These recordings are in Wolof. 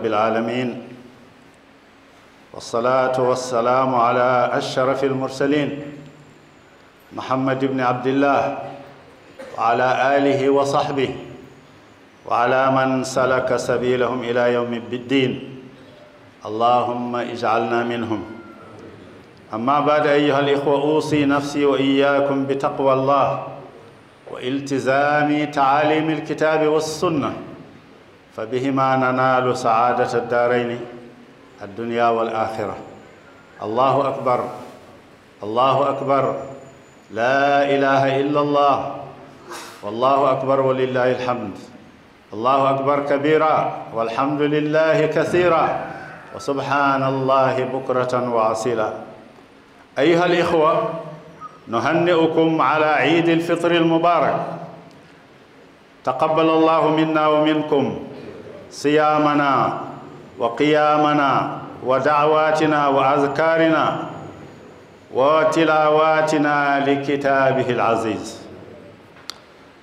رب العالمين والصلاة والسلام على أشرف المرسلين محمد بن عبد الله وعلى آله وصحبه وعلى من سلك سبيلهم إلى يوم الدين اللهم اجعلنا منهم أما بعد أيها الإخوة أوصي نفسي وإياكم بتقوى الله والتزام تعاليم الكتاب والسنه fa bihima nanaalu saadata daarayni addunya wal axira allahu akbar allahu akbar laa ilaha illa allah wallahu akbar walillahi alhamd allahu akbar kabira walhamdulillahi kasira wa subhanallahi bukratan wa asila أيها الإخوة نهنئكم على عيد الفطر المبارك تقبل الله منا ومنكم صيامنا وقيامنا ودعواتنا وأذكارنا وتلاواتنا لكتابه العزيز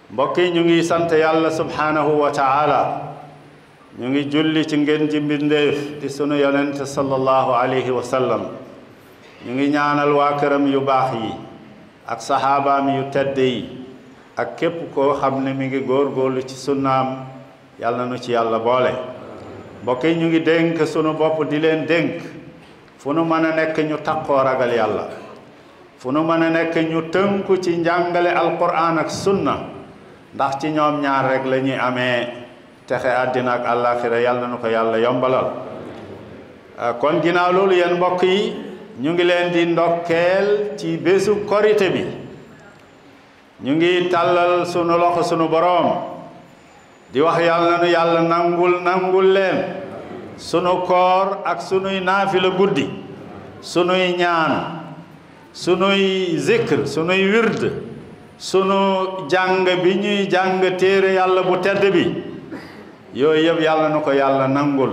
mbokk yi ñu ngi sant yàlla subhaanahu wa taala ñu ngi julli ci ngeen ji mbindéef di sunu yonent sallallahu alayhi wa sallam ñu ngi ñaanal waa këram yu baax yi ak saxaabaam yu tedd ak képp koo xam ne mi ngi góorgóorlu ci sunnaam yàlla na nu ci yàlla boole mbokk yi ñu ngi dénk sunu bopp di leen dénk fu nu mën a nekk ñu taqoo ragal yàlla fu nu mën a nekk ñu tënku ci njàngale alquran ak sunna ndax ci ñoom ñaar rekk la ñuy amee texe àddina ak àllaaxira yàlla na nu ko yàlla yombalal euh, kon ginnaaw loolu yéen mbokk yi ñu ngi leen di ndokkeel ci bésu korite bi ñu ngi tàllal sunu loxo sunu boroom di wax yàlla nu yàlla nangul nangul leen sunu koor ak sunuy naafila guddi sunuy ñaan sunuy zikr sunuy wird sunu jàng bi ñuy jàng téere yàlla bu tedd bi yooyu yëpp yàlla nu ko yàlla nangul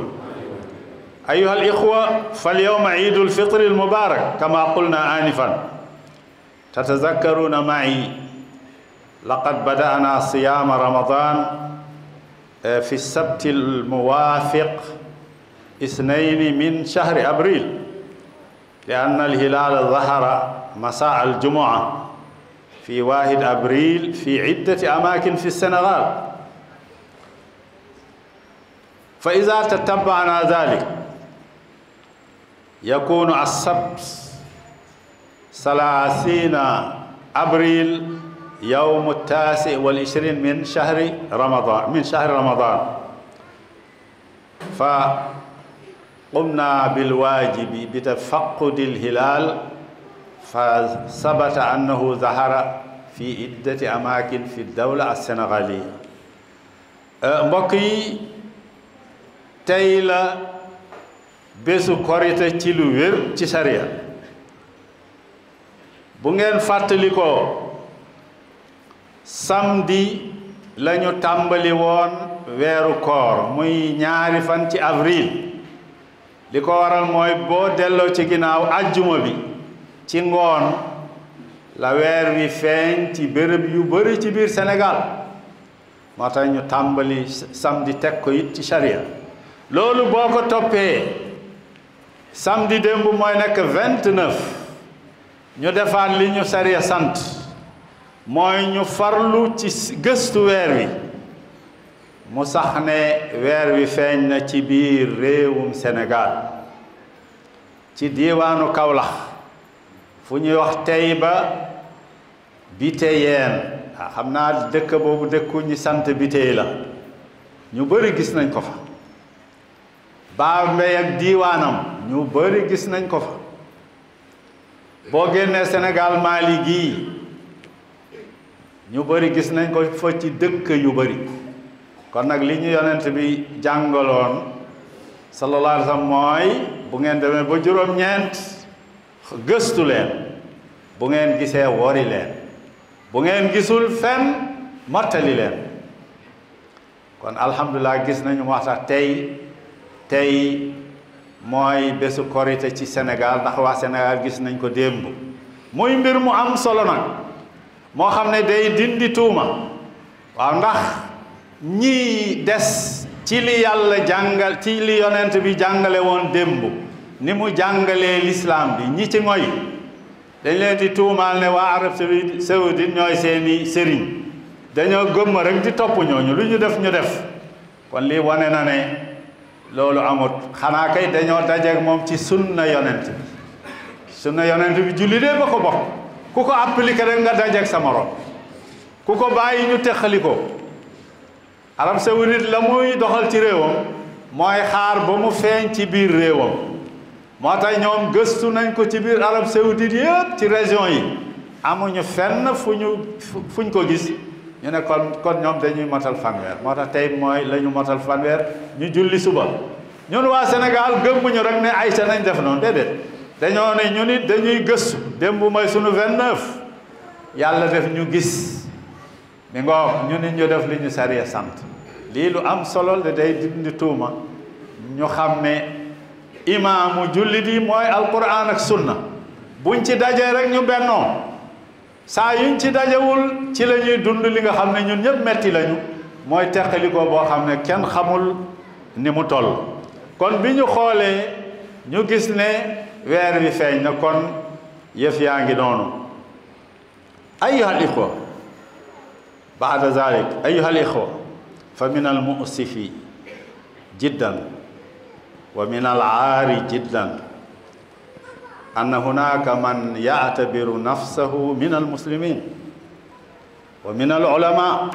ayuhal ixwa fal yawma iidul fitri al mubaarak kama qulna anifan tatazakkaruna ma'i laqad bada'na siyaama ramadan Eh, fi sabti almuwaafiq isnayni min shahri abril li anna alhilaala zahara masaa aljumua fi waahid abril fi ciddati amaakin fi senegal fa idaa tatabbanaa daalik yakuunu assabt salaasiina abril يوم التاسع والعشرين من شهر رمضان من شهر رمضان فقمنا بالواجب بتفقد الهلال فثبت أنه ظهر في عدة أماكن في الدولة السنغالية mbokki tey la bésu korite ci lu wér ci sariya bu ngeen fàttalikoo samdi lañu tàmbali woon weeru koor muy ñaari fan ci avril li ko waral mooy boo delloo ci ginnaaw ajjuma bi ci ngoon la weer wi feeñ ci bërëb yu bari ci biir Sénégal moo tax ñu tàmbali samedi teg ko it ci charia loolu boo ko toppee samedi démb mooy nekk vingt-neuf ñu defaat li ñu charia sant mooy ñu farlu ci gëstu weer wi mu sax ne weer wi feeñ na ci biir réewum Sénégal ci diiwaanu Kawlax fu ñuy wax Tayba Biteyeen waa xam naa dëkk boobu dëkku ñi sant Bitey la ñu bari gis nañ ko fa Bambey ak diiwaanam ñu bari gis nañ ko fa boo génnee Sénégal Mali gii ñu bari gis nañ ko fa ci dëkk yu bëri kon nag li ñu yonent bi jàngaloon sallallahu alayhi wa mooy bu ngeen demee ba juróom-ñeent gëstu leen bu ngeen gisee wori leen bu ngeen gisul fenn mottali leen kon alhamdulilah gis nañu moo tax tey tey mooy bésu korite ci senegaal ndax waa Sénégal gis nañ ko démb muy mbir mu am solo nag moo xam ne day dindi tuuma waaw ndax ñii des ci li yàlla jàngal ci li yonent bi jàngale woon démb ni mu jàngalee lislaam bi ñi ci moy dañ leen di tuumaal ne waa arab saoudite ñooy seeni sëriñ dañoo gëmm rek di topp ñooñu lu ñu def ñu def kon lii wane na ne loolu amut xanaa kay dañoo dajeeg moom ci sunna yonent bi sunna yonent bi julli dee ba bokk ku ko appliqué rek nga dajeeg sa morom ku ko bàyyi ñu teqali ko arab saoudite la muy doxal ci réewam mooy xaar ba mu feeñ ci biir réewam moo tax ñoom gëstu nañ ko ci biir arab saoudite yëpp ci région yi amuñu fenn fu ñu fuñ ko gis ñu ne kon kon ñoom dañuy motal fanweer moo tax tey mooy la ñu fanweer ñu julli suba ñun waa Sénégal gëmmuñu rek ne ayca nañ def noonu déedéet dañoo ne ñu nit dañuy gëstu démb mooy sunu 29 yàlla def ñu gis mi ngoog ñu nit ñu def li ñu sariya sant lii lu am solo la day dindi tuuma ñu xam ne imaamu jullit yi mooy alquran ak sunna buñ ci dajee rek ñu bennoo saa yuñ ci dajewul ci la ñuy dund li nga xam ne ñun ñëpp metti lañu mooy teqalikoo boo xam ne kenn xamul ni mu toll kon bi ñu xoolee ñu gis ne weer wi feeñ na kon yëf yaa ngi noonu ayyuhal ixwa baada zalik ayyuhal ixwa fa min al musifi jiddan wa min al aari jiddan anna hunaka man yaatabiru nafsahu min al muslimin wa min al ulama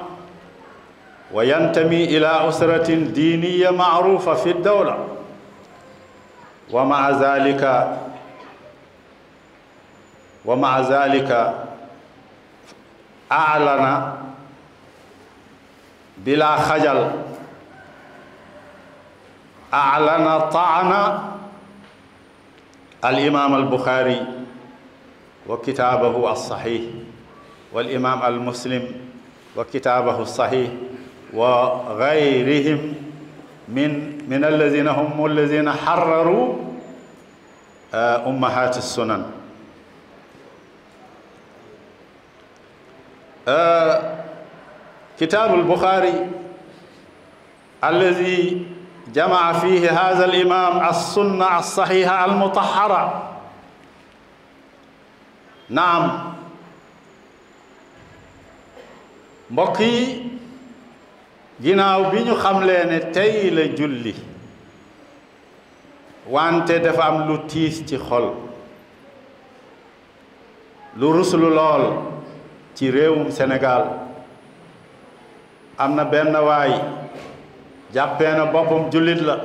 wa yantami ila usratin diniya maarufa fi dawla wa maa zalika wa maa zalika aalana bila xajal aalana taana al imaam al buxaari wa kitaabahu al saxiix wal imaam al muslim wa kitaabahu al saxiix wa gayrihim min min allazina hum allazina xarraru ummahaati uh, sunan uh, kitaabul Buxaari allazi jamaa fiihi haazal imaam as-sunna as-saxiixa al-mutahhara naam mbokk yi ginnaaw bi ñu xamlee ni tey la julli wante dafa am lu tiis ci xol lu ruslu lool ci réewum senegaal am na benn waay jàppee na boppam jullit la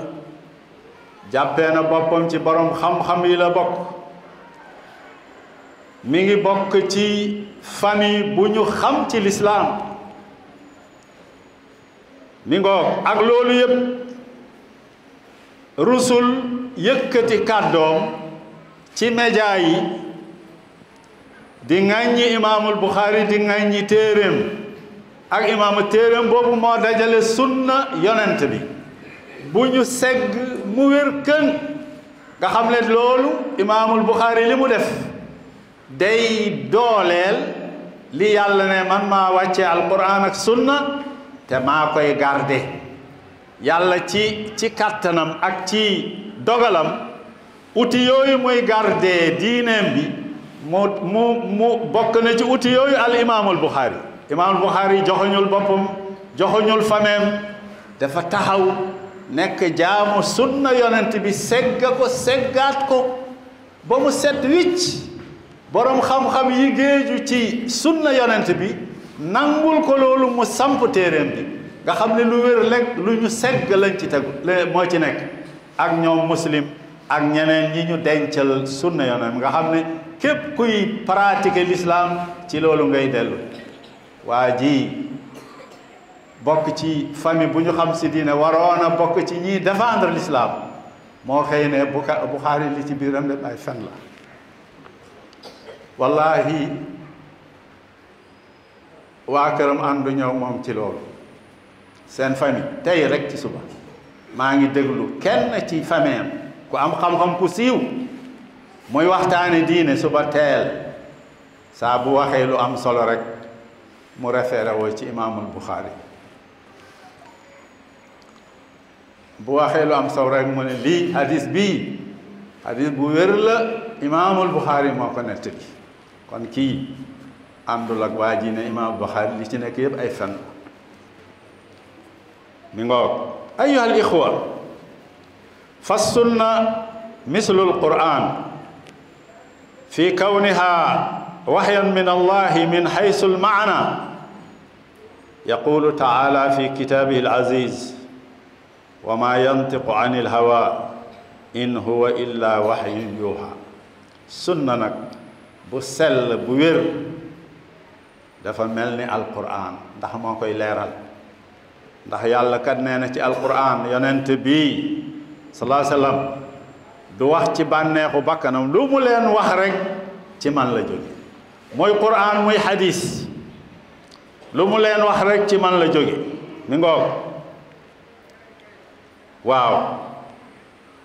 jàppee na boppam ci boroom xam-xam yi la bokk mi ngi bokk ci famille bu ñu xam ci lislaam mi ngoog ak loolu yëpp rusul yëkkati kàddoom ci média yi di ŋàññi imaamul Buxaari di ŋàññi téeréem ak imaamu téeréem boobu moo dajale sunna yonent bi bu ñu segg mu wér kën nga xam ne loolu imaamul Buxaari li mu def day dooleel li yàlla ne man maa wàcce alquran ak sunna te maa koy garde yàlla ci ci kàttanam ak ci dogalam outil yooyu muy garde diineem bi mu mu mu bokk na ci outil yooyu al imaamul Buxaari imaamul Buxaari joxoñul boppam joxoñul fameem dafa taxaw nekk jaamu sunna yonent bi segga ko seggaat ko ba mu set wicc boroom xam-xam yi géeju ci sunna yonent bi nangul ko loolu mu samp téeréem bi nga xam ne lu wér lekk lu ñu segg lañ ci tegu moo ci nekk ak ñoom muslim ak ñeneen ñi ñu dencal sunna yoonam nga xam ne képp kuy pratiquer l'islam ci loolu ngay dellu waa ji bokk ci famille bu ñu xam si diine waroon a bokk ci ñiy défendre l'islam moo xëy ne bu Buxaari li ci biiram lépp ay fen la wallahi waa këram àndu ñëw moom ci loolu seen famille tey rekk ci suba maa ngi déglu kenn ci famille ku am xam-xam ku siiw muy waxtaane diine suba teel saa bu waxee lu am solo rek mu référé woo ci imaamul Buxaari bu waxee lu am solo rek mu ne lii hadis bii hadis bu wér la imaamul Buxaari moo ko nettali kon kii àndul ak waa ji ne imaam Buxaari li ci nekk yëpp ay fen mi ngoog ayyuhal ixwa fa sunna mislul quraan fi kawniha waxyan min allahi min xaysu lmaana yaqulu taala fi kitaabihi alaziz wa ma yantiqu an ilhawa in huwa illa waxyun yuuxa sunna nag bu sell bu wér dafa mel ni alquran ndax moo koy leeral ndax yàlla kat nee na ci alquran yonent bii salaa sallam du wax ci bànneexu bakkanam lu mu leen wax rek ci man la jóge muy quran muy hadis lu mu leen wax rekk ci man la jóge mi ngoog waaw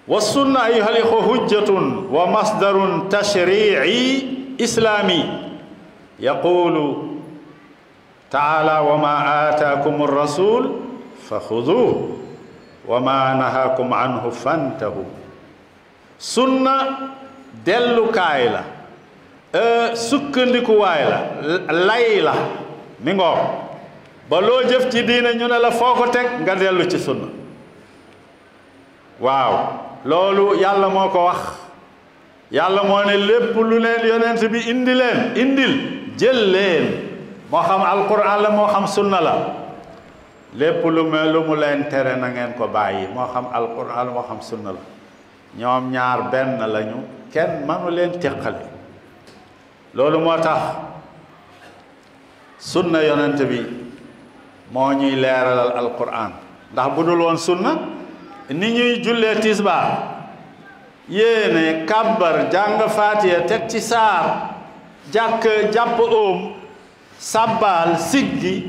wa sunna ayyuha al-ikhwa hujjatun wa masdarun tashri'i islami yaqulu taala wa ma aataakum rasul fa xuduhu wa ma nahaakum anhu fantahu sunna dellukaay la e, sukkandikuwaay la lay la mi ngoo ba loo jëf ci diina ñu ne foo ko teg nga dellu ci sunna waaw loolu yàlla moo ko wax yàlla moo ne lépp lu leen yonent bi indi leen indil jël leen moo xam alquran la moo xam sunna la lépp lu mu leen tere na ngeen ko bàyyi moo xam alquran la moo xam sunna la ñoom ñaar benn lañu kenn mënu leen loolu moo tax sunna yonent bi moo ñuy leeralal alquran ndax bu dul woon sunna ni ñuy jullee tisbaar yéene kàbbar jàng faatiya teg ci saar jàkk jàpp óom sàbbaal siggi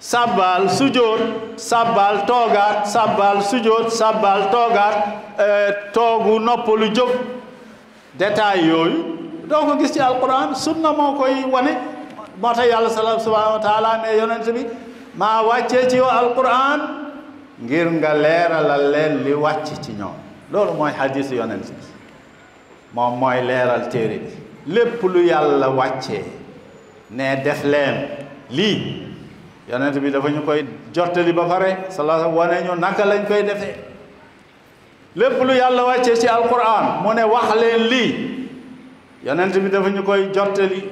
sàbbaal sujóot sàbbaal toogaat sàbbaal sujóot sàbbaal toogaat eh, toogu noppalu jóg détail yooyu doo ko gis ci alquran sunna moo koy wane moo tax yàlla sala subhanahu wa taala ne yonent bi maa wàccee ci yow alquran ngir nga leeralal leen li wàcc ci ñoom loolu mooy xadiis yonent bi moom mooy leeral téere bi lépp lu yàlla wàccee ne def leen lii yonent bi dafa ñu koy jottali ba pare salaa wane ñu naka lañ koy defee lépp lu yàlla wàccee ci alquran mu ne wax leen lii yonent bi dafa ñu koy jottali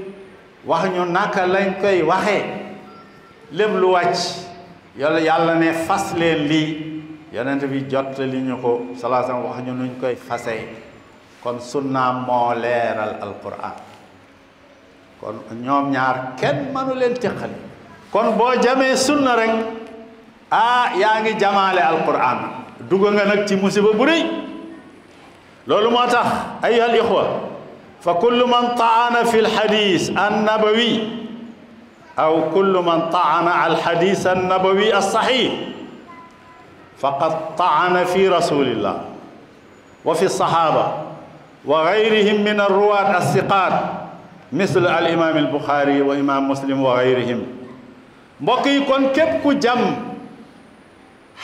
wax ñu naka lañ koy waxee lépp lu wàcc yàlla yàlla ne fas leen lii yonent bi jottali ñu ko salaa wax ñu nuñ koy fasee kon sunnaam moo leeral alquran kon ñoom ñaar kenn mënu kon boo jamee sunna a ah, yaa ngi jamaale alquran dugg nga nag ci musiba bu loolu moo tax ayyuha al ixwa fa kullu man taana fi alxadis annabawi aw kullu man taana alxadis annabawi alsaxix faqad taana fi rasulillah wa fi saxaaba wa gayrihim min alruwaat alsiqaat misl al imam al buxaari wa imam muslim wa gayrihim mbokk yi kon képp ku jam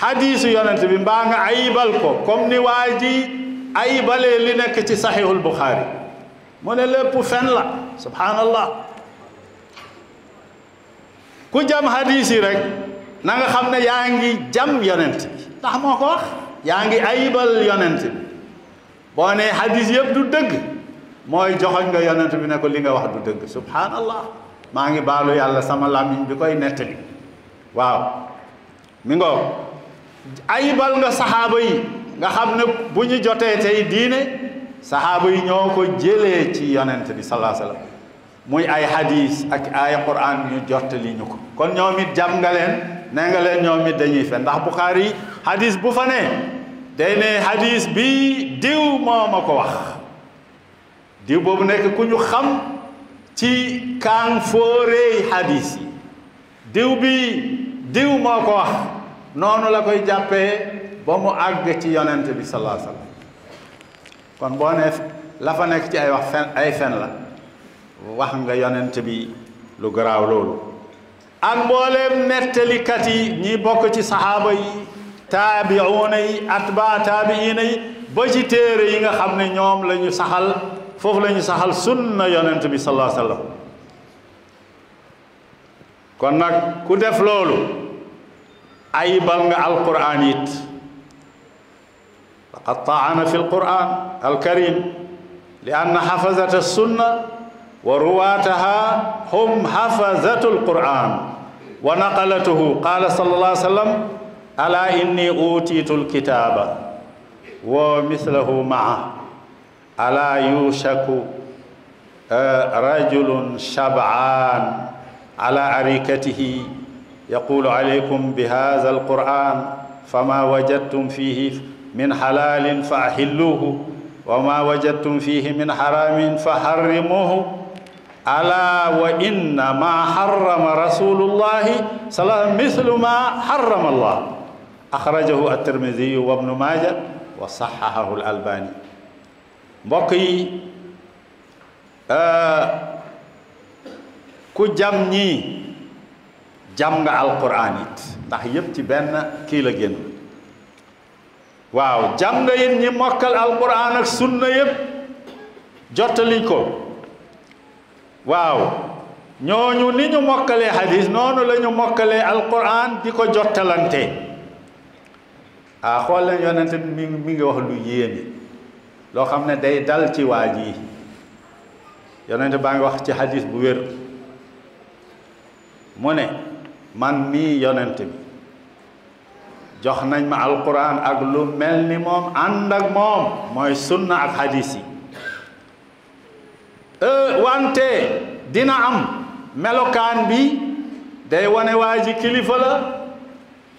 xadiisu yonent bi mbaa nga ayibal ko comme ni waa ji ayibalee li nekk ci saxiixul buxaari mu ne lépp fen la subhaanallah ku jam xadiis yi rek na nga xam ne yaa ngi jam yonent bi ndax moo ko yaa ngi ayibal yonent bi boo nee xadiis yëpp du dëgg mooy joxoñ nga yonent bi ne ko li nga wax du dëgg subhanallah maa ngi baalu yàlla sama làmmiñ bi koy nettali waaw mi ngoo ayibal nga saxaaba yi nga xam ne bu ñu jotee tey diine saxaaba yi ñoo ko jëlee ci yonent bi salaa sallam muy ay hadis ak ay quran ñu jottali ñu ko kon ñoom it jàm nga leen nee nga leen ñoom it dañuy fen ndax Buxaari hadis bu fa ne day ne hadis bi diw moo ma ko wax diw boobu nekk ku ñu xam ci kaan fóoreey xadiis yi diw bi diw moo ko wax noonu la koy jàppee ba mu àgg ci yonent bi sallallahu kon boo nekk ci ay wax fen la wax nga yonent bi lu garaaw loolu ak mbooleem nettalikat yi ñi bokk ci saxaaba yi taabiuuna yi atbaa taabiina yi ba ci téere yi nga xam ne ñoom lañu saxal foofu la ñu saxal sunna yonent bi sallallahu alayhi wasallam kon nag ku def loolu ay bal nga alquran it faqad taana fi alquran alkarim li anna xafazata sunna wa ruwaataha hum xafazatu alquran wa naqalatuhu qaala sallallahu alayhi wasallam ala inni utiitu alkitaaba wa mislahu maa alaa yushaku rajulun shab'an ala arikatihi yaqulu alaykum bi hadha alquran fama wajadtum fihi min halalin fa ahilluhu wa ma wajadtum fihi min haramin fa harrimuhu ala wa inna ma harrama rasulullahi sala mithlu ma harrama allah akhrajahu at-tirmidhi wa ibnu majah wa sahahahu al-albani mbokk yi euh, ku jam ñii jam nga alquran it ndax yépp ci benn kii la génn waaw jam nga it ñi mokkal alquran ak sunna yépp jottali ko waaw ñooñu ni ñu mokkalee hadis noonu lañu ñu mokkalee alquran di ko jottalante ah xool leen yonente mi mi ngi wax lu yéeme loo xam ne day dal ci waa ji yonente baa ngi wax ci xadis bu wér mu ne man mii yonente bi jox nañ ma alquran ak lu mel ni moom ànd ak moom mooy sunna ak xadis yi e, wante dina am melokaan bi day wane waa ji kilifa la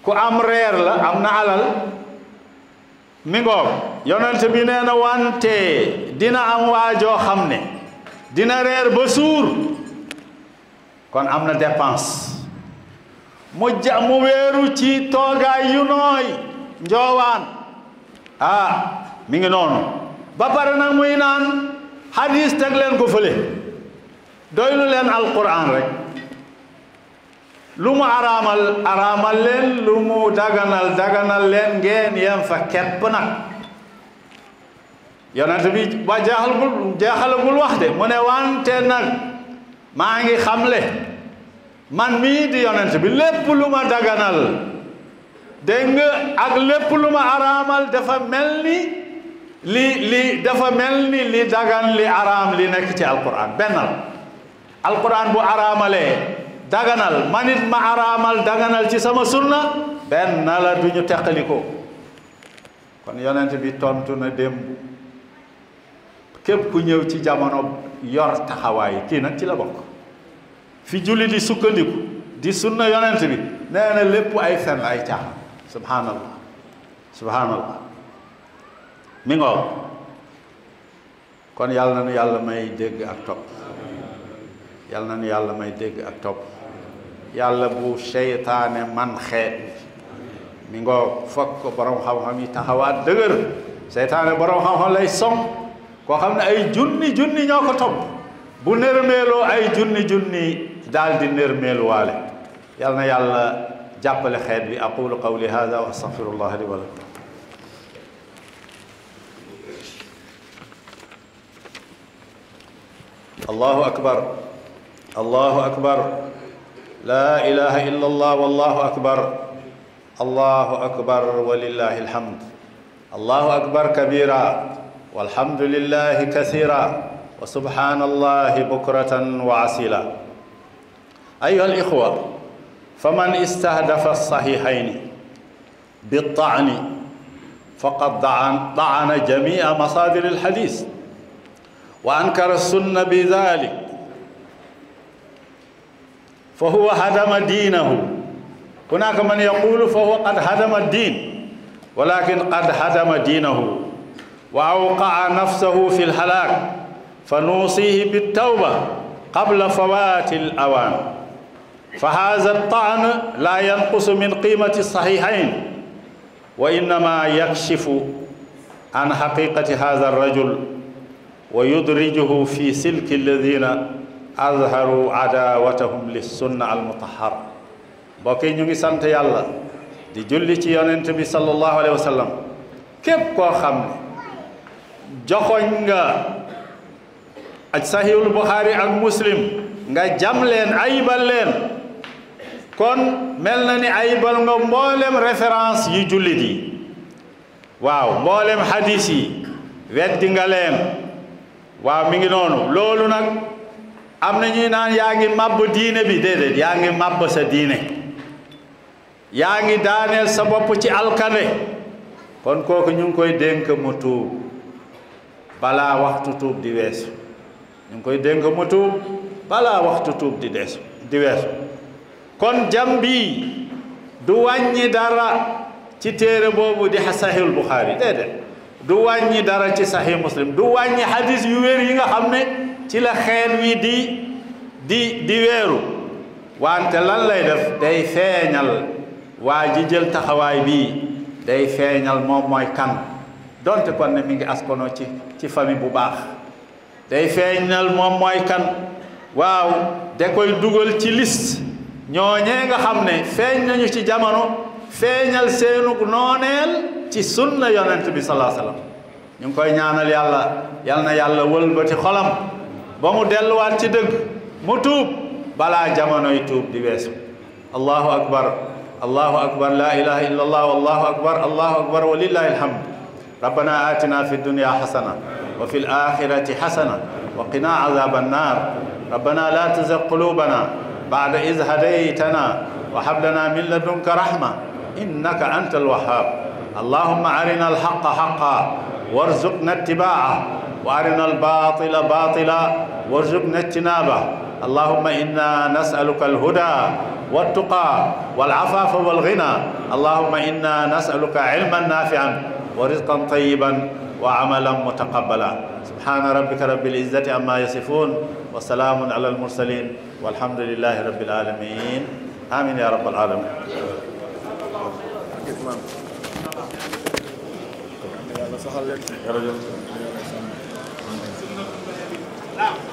ku am reer la am na alal mi ngoog yonent bi nee na wante dina am waajoo xam ne dina reer ba suur kon am na dépense mu ja mu wéeru ci toogaay yu nooy njoowaan ah mi ngi noonu ba pare nag muy naan hadis teg leen ko fële doylu leen alquran rek lu mu araamal araamal leen lu mu daganal daganal leen ngeen yem fa kepp nag yonent bi ba jeexalagul jeexalagul wax de mu ne wante nag maa ngi xamle man mii di yonent bi lépp lu ma daganal dégg ak lépp lu ma araamal dafa mel ni li li dafa mel ni li dagan li araam li nekk ci alquran benn la alquran bu araamalee daganal manit ma araamal daganal ci sama sunna benn la du ñu teqalikoo kon yonent bi tontu na démb képp ku ñëw ci jamono yor taxawaay kii nag ci la bokk fi julli di sukkandiku di sunna yonent bi nee na lépp ay fen ay caaxaan subhanallah subhanallah mi kon yàlla na nu yàlla may dégg ak topp yàlla na nu yàlla may dégg ak topp yàlla bu seytaane man xeet mi ngoo fokk borom xam-xam yi taxawaat dëgër seytaane borom xam-xam lay som koo xam ne ay junni junni ñoo ko topp bu nërmeeloo ay junni junni daal di nërmeeluwaale yal na yàlla jàppale xeet bi aqulu qawli hada wa astaghfirullah li wa lakum allahu akbar akbar laa ilaha illa allah wallahu akbar allahu akbar walillahi alhamd allahu akbar kabira walhamdulillahi kathira wa subhanallahi bukratan wa asila ayuha alikhwa faman istahdafa sahihayn bittaani faqad da'ana jamia masadir alhadis wa ankara sunna bidalik fa huwa hadama diinahu hunaka man yaqulu fa huwa qad hadama diin walakin qad hadama diinahu wa awqaa nafsahu fi lhalak fa nuusihi bittawba qabla fawaati l awaan fa haza taan la yanqusu min qiimati sahihayn wa innama yakshifu an haqiqati haza rajul wa yudrijuhu fi silki alladina azharu adawatahum li sunna al mutahara mbokk ñu ngi sant yàlla di julli ci yonent bi sallallahu alayhi wa képp koo xam ne joxoñ nga ak sahihul buxaari ak muslim nga jam leen ayibal leen kon mel na ni ayibal nga mboolem référence yi jullit yi waaw mboolem hadis yi weddi nga leen waaw mi ngi noonu loolu nag am na ñuy naan yaa ngi màbb diine bi déedéet yaa ngi màbb sa diine yaa ngi daaneel sa bopp ci alkande kon kooku ñu ngi koy dénk mu tuub balaa waxtu tuub di weesu ñu ngi koy dénk mu tuub balaa waxtu tuub di deesu di weesu kon jam bii du wàññi dara ci téere boobu di sahihul Bukhari déedéet du wàññi dara ci sahih muslim du wàññi hadis yu wér yi nga xam ne ci la xeet wi di di di weeru wante lan lay def day feeñal waa ji jël taxawaay bii day feeñal moom mooy kan donte kon ne mi ngi askono ci ci famille bu baax day feeñal moom mooy kan waaw da koy dugal ci liste ñooñee nga xam ne feeñ nañu ci jamono feeñal seenug nooneel ci sunna yonent bi salaa sallam ñu ngi koy ñaanal yàlla yal na yàlla wëlbati xolam ba mu delluwaat ci dëgg mu tuub balaa jamonoy tuub di weesu allahu akbar allahu akbar laa ilaha illa allah wallahu akbar allahu akbar wa lillahi alhamd rabbana atina fi dunya xasana wa fi alaxirati xasana wa qina azaba annar rabbana la tuzig qulubana bada id hadaytana wa hab lana min ladunka rahma innaka anta alwahhab allahumma arina alhaqa haqa warzuqna ittibaa'a وارنا الباطل باطلا وارزقنا اجتنابه اللهم انا نسالك الهدى والتقى والعفاف والغنى اللهم انا نسالك علما نافعا ورزقا طيبا وعملا متقبلا سبحان ربك رب العزه عما يصفون وسلام على المرسلين والحمد لله رب العالمين امين يا رب العالمين Gracias. Naam.